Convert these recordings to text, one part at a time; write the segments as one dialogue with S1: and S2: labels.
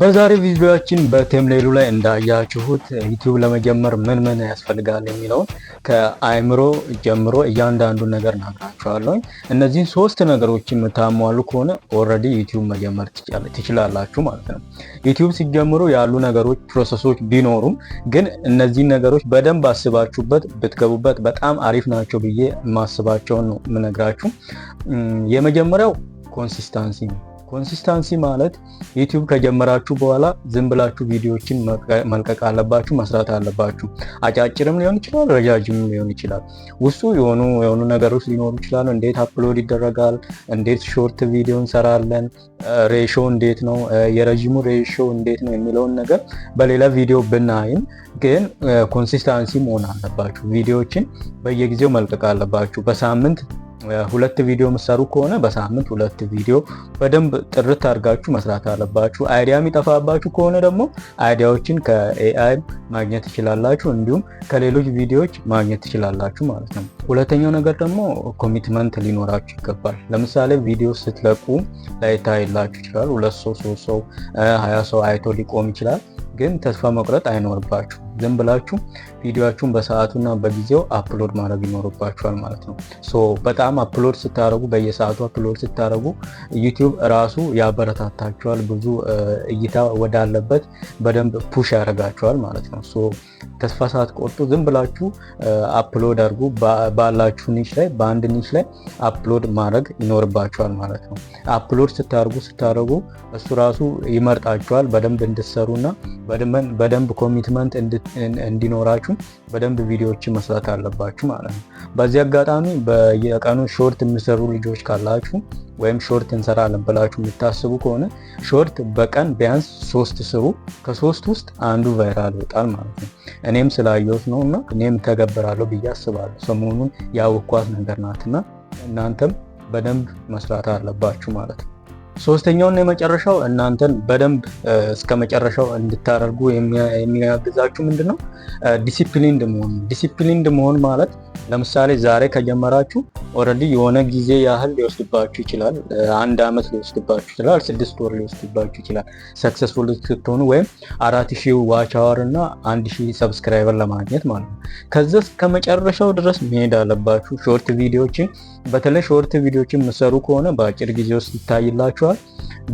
S1: በዛሬ ቪዲዮችን በቴምሌሉ ላይ እንዳያችሁት ዩቲዩብ ለመጀመር ምን ምን ያስፈልጋል የሚለውን ከአይምሮ ጀምሮ እያንዳንዱ ነገር ናግራችኋለኝ። እነዚህን ሶስት ነገሮች የምታሟሉ ከሆነ ኦልሬዲ ዩቲዩብ መጀመር ትችላላችሁ ማለት ነው። ዩቲዩብ ሲጀምሩ ያሉ ነገሮች ፕሮሰሶች ቢኖሩም ግን እነዚህን ነገሮች በደንብ አስባችሁበት ብትገቡበት በጣም አሪፍ ናቸው ብዬ የማስባቸውን ነው የምነግራችሁ። የመጀመሪያው ኮንሲስታንሲ ነው። ኮንሲስታንሲ ማለት ዩቲዩብ ከጀመራችሁ በኋላ ዝም ብላችሁ ቪዲዮዎችን መልቀቅ አለባችሁ፣ መስራት አለባችሁ። አጫጭርም ሊሆን ይችላል፣ ረጃጅም ሊሆን ይችላል። ውስጡ የሆኑ የሆኑ ነገሮች ሊኖሩ ይችላሉ። እንዴት አፕሎድ ይደረጋል፣ እንዴት ሾርት ቪዲዮ እንሰራለን፣ ሬሾ እንዴት ነው፣ የረዥሙ ሬሾ እንዴት ነው የሚለውን ነገር በሌላ ቪዲዮ ብናይም ግን ኮንሲስታንሲ መሆን አለባችሁ። ቪዲዮዎችን በየጊዜው መልቀቅ አለባችሁ በሳምንት ሁለት ቪዲዮ የምትሰሩ ከሆነ በሳምንት ሁለት ቪዲዮ በደንብ ጥርት አድርጋችሁ መስራት አለባችሁ። አይዲያ የሚጠፋባችሁ ከሆነ ደግሞ አይዲያዎችን ከኤአይ ማግኘት ትችላላችሁ፣ እንዲሁም ከሌሎች ቪዲዮዎች ማግኘት ትችላላችሁ ማለት ነው። ሁለተኛው ነገር ደግሞ ኮሚትመንት ሊኖራችሁ ይገባል። ለምሳሌ ቪዲዮ ስትለቁ ላይታይላችሁ ይችላል። ሁለት ሰው ሶስት ሰው ሀያ ሰው አይቶ ሊቆም ይችላል። ግን ተስፋ መቁረጥ አይኖርባችሁ ዝም ብላችሁ ቪዲዮችሁን በሰዓቱና በጊዜው አፕሎድ ማድረግ ይኖርባችኋል ማለት ነው። ሶ በጣም አፕሎድ ስታደረጉ፣ በየሰዓቱ አፕሎድ ስታደረጉ ዩቲዩብ ራሱ ያበረታታችኋል። ብዙ እይታ ወዳለበት በደንብ ፑሽ ያደርጋችኋል ማለት ነው። ሶ ተስፋ ሳትቆርጡ ዝም ብላችሁ አፕሎድ አድርጉ። ባላችሁ ኒሽ ላይ በአንድ ኒሽ ላይ አፕሎድ ማድረግ ይኖርባችኋል ማለት ነው። አፕሎድ ስታደርጉ ስታደርጉ እሱ ራሱ ይመርጣችኋል በደንብ እንድትሰሩና በደንብ ኮሚትመንት እንድት እንዲኖራችሁ በደንብ ቪዲዮዎችን መስራት አለባችሁ ማለት ነው። በዚህ አጋጣሚ በየቀኑ ሾርት የሚሰሩ ልጆች ካላችሁ ወይም ሾርት እንሰራለን ብላችሁ የምታስቡ ከሆነ ሾርት በቀን ቢያንስ ሶስት ስሩ። ከሶስት ውስጥ አንዱ ቫይራል ይወጣል ማለት ነው። እኔም ስላየሁት ነው እና እኔም ተገብራለሁ ብዬ አስባለሁ። ሰሞኑን ያወኳት ነገር ናትና እናንተም በደንብ መስራት አለባችሁ ማለት ነው። ሶስተኛውና የመጨረሻው እናንተን በደንብ እስከ መጨረሻው እንድታደርጉ የሚያግዛችሁ ምንድን ነው? ዲሲፕሊንድ መሆን። ዲሲፕሊንድ መሆን ማለት ለምሳሌ ዛሬ ከጀመራችሁ ኦልሬዲ የሆነ ጊዜ ያህል ሊወስድባችሁ ይችላል። አንድ ዓመት ሊወስድባችሁ ይችላል። ስድስት ወር ሊወስድባችሁ ይችላል ሰክሰስፉል ስትሆኑ ወይም አራት ሺህ ዋች አወር እና አንድ ሺህ ሰብስክራይበር ለማግኘት ማለት ነው። ከዚ እስከመጨረሻው ድረስ መሄድ አለባችሁ። ሾርት ቪዲዮችን በተለይ ሾርት ቪዲዮችን የምሰሩ ከሆነ በአጭር ጊዜ ውስጥ ይታይላችኋል።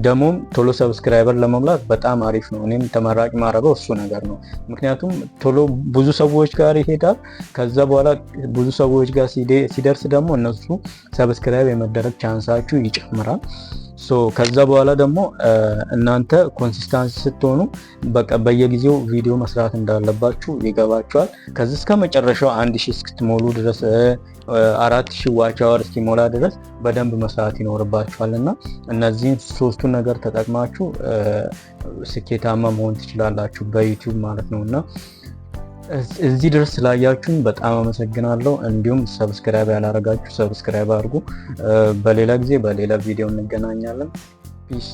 S1: ደሞም ቶሎ ሰብስክራይበር ለመሙላት በጣም አሪፍ ነው። እኔም ተመራጭ ማረገው እሱ ነገር ነው። ምክንያቱም ቶሎ ብዙ ሰዎች ጋር ይሄዳል። ከዛ በኋላ ብዙ ሰዎች ጋር ሲደርስ ደግሞ እነሱ ሰብስክራይብ የመደረግ ቻንሳችሁ ይጨምራል። ከዛ በኋላ ደግሞ እናንተ ኮንሲስታንሲ ስትሆኑ በየጊዜው ቪዲዮ መስራት እንዳለባችሁ ይገባችኋል። ከዚ እስከ መጨረሻው አንድ ሺ እስክትሞሉ ድረስ አራት ሺ ዋች አወር እስኪሞላ ድረስ በደንብ መስራት ይኖርባችኋል እና እነዚህን ሶስቱን ነገር ተጠቅማችሁ ስኬታማ መሆን ትችላላችሁ በዩቲዩብ ማለት ነው እና እዚህ ድረስ ስላያችሁን በጣም አመሰግናለሁ። እንዲሁም ሰብስክራይብ ያላረጋችሁ ሰብስክራይብ አድርጉ። በሌላ ጊዜ በሌላ ቪዲዮ እንገናኛለን። ፒስ